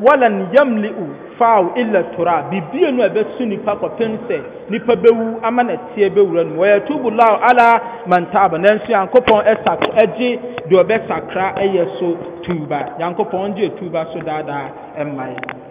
walan yamli o faaw illa tora bibie no a ɛbɛso nipa kɔpem sɛ nipa bɛwu ama na teɛ bɛwura no wɔyɛ tubu law ala mantaaba nanso yankɔpɔn ɛsa ɛgye deɛ ɔbɛsakra ɛyɛ so tuuba yankɔpɔn gye tuuba so daadaa ɛmma yɛ.